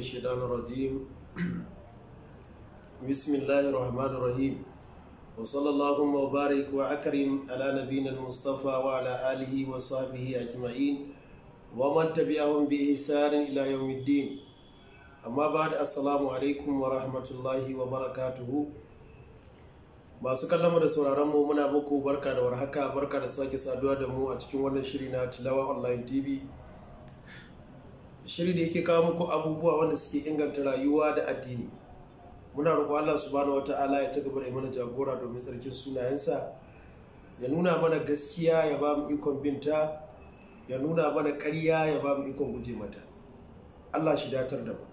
من الشيطان الرجيم بسم الله الرحمن الرحيم وصلى اللهم وبارك وأكرم على نبينا المصطفى وعلى آله وصحبه أجمعين ومن تبعهم بإحسان إلى يوم الدين أما بعد السلام عليكم ورحمة الله وبركاته masu kallama da sauraron mu muna muku barka da warhaka barka da sake saduwa da mu a cikin wannan shiri na tilawa online tv shiri da yake kawo muku abubuwa wanda suke inganta rayuwa da addini muna roƙo Allah subhanahu wata'ala ya ci gaba da mana jagora domin tsarkin sunayensa ya nuna mana gaskiya ya ba mu ikon binta ya nuna mana ƙarya ya ba mu ikon guje mata Allah shi datar da mu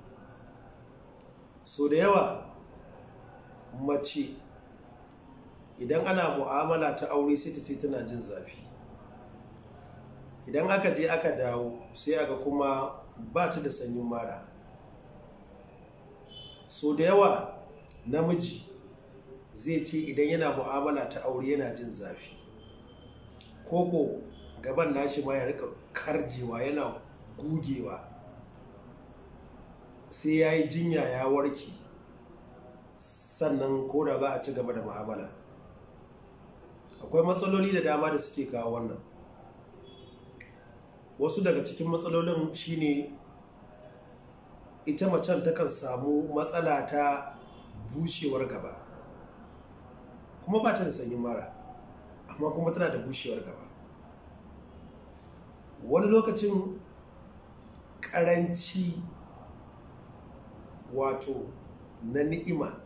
so da yawa mace idan ana mu'amala ta aure sai ta ce tana jin zafi idan aka je aka dawo sai aka kuma ba ta da sanyin mara so da yawa namiji zai ce idan yana mu'amala ta aure yana jin zafi koko gaban nashi ma ya rika karjewa yana gugewa sai ya yi jinya ya warke sannan ko da ba a ci gaba da mu'amala akwai matsaloli da dama da suke kawo wannan wasu daga cikin matsalolin shine ita macen ta kan samu matsala ta bushewar gaba kuma ba ta da sanyin mara amma kuma tana da bushewar gaba wani lokacin karanci wato na ni'ima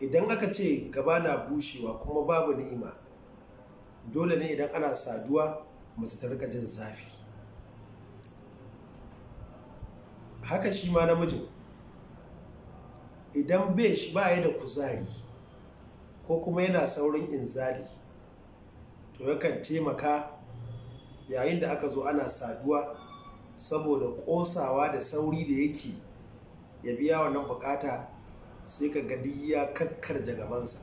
idan aka ce gaba na bushewa kuma babu ni'ima dole ne idan ana saduwa mace ta rika jin zafi haka shi ma namijin idan shi ba ya da kuzari ko kuma yana saurin inzali to yakan taimaka yayin da aka zo ana saduwa saboda ƙosawa da sauri da yake ya biya wannan bukata sai ka gadi ya kakkar gabansa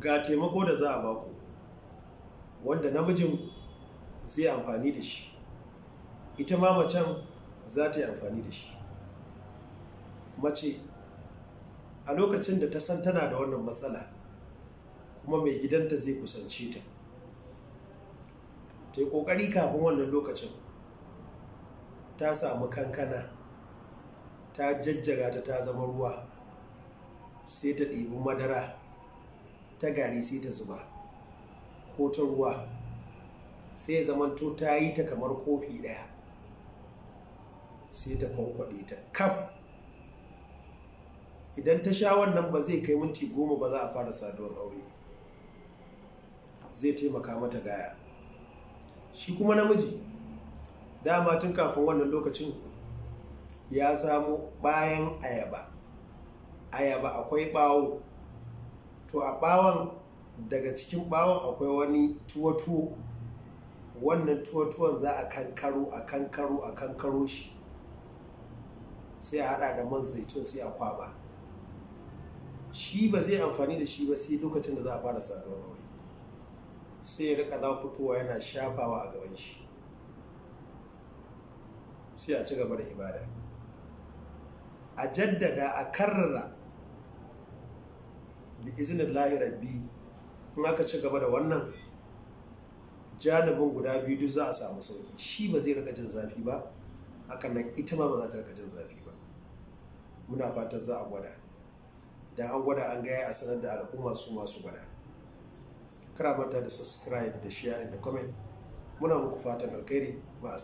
ga taimako da za a baku wanda namijin zai amfani da shi ita ma macen za ta yi amfani da shi mace a lokacin da ta san tana da wannan matsala kuma mai gidanta zai kusance ta ta yi ƙoƙari kafin wannan lokacin ta samu kankana ta jajjaga ta ta zama ruwa sai ta ɗibi madara ta gari sai ta zuba ko ta ruwa sai zamanto ta yi ta kamar kofi ɗaya sai ta kwankwaɗe ta kaf idan ta sha wannan ba zai kai minti goma ba za a fara saduwar aure zai taimaka mata gaya shi kuma namiji dama tun kafin wannan lokacin ya samu bayan ayaba ayaba akwai bawo. to a ɓawon daga cikin bawon akwai wani tuwo-tuwo wannan tuwo-tuwon za a kankaro a kankaro a kankaro shi sai a hada da man zaitun sai a kwaba shi ba zai amfani da shi ba sai lokacin da za a fara saduwar aure sai ya rika fitowa yana shafawa a gaban shi sai a ci gaba da ibada a jaddada a karrara bi izinin lahirar rabbi in aka ci gaba da wannan janibin guda biyu duk za a samu sauki shi ba zai rika jin zafi ba hakan nan ita ma ba za ta rika jin zafi ba muna fatan za a gwada da an gwada an gaya a sanar da al'umma su masu gwada kara manta da subscribe da sharing da comment muna muku fatan alkhairi ma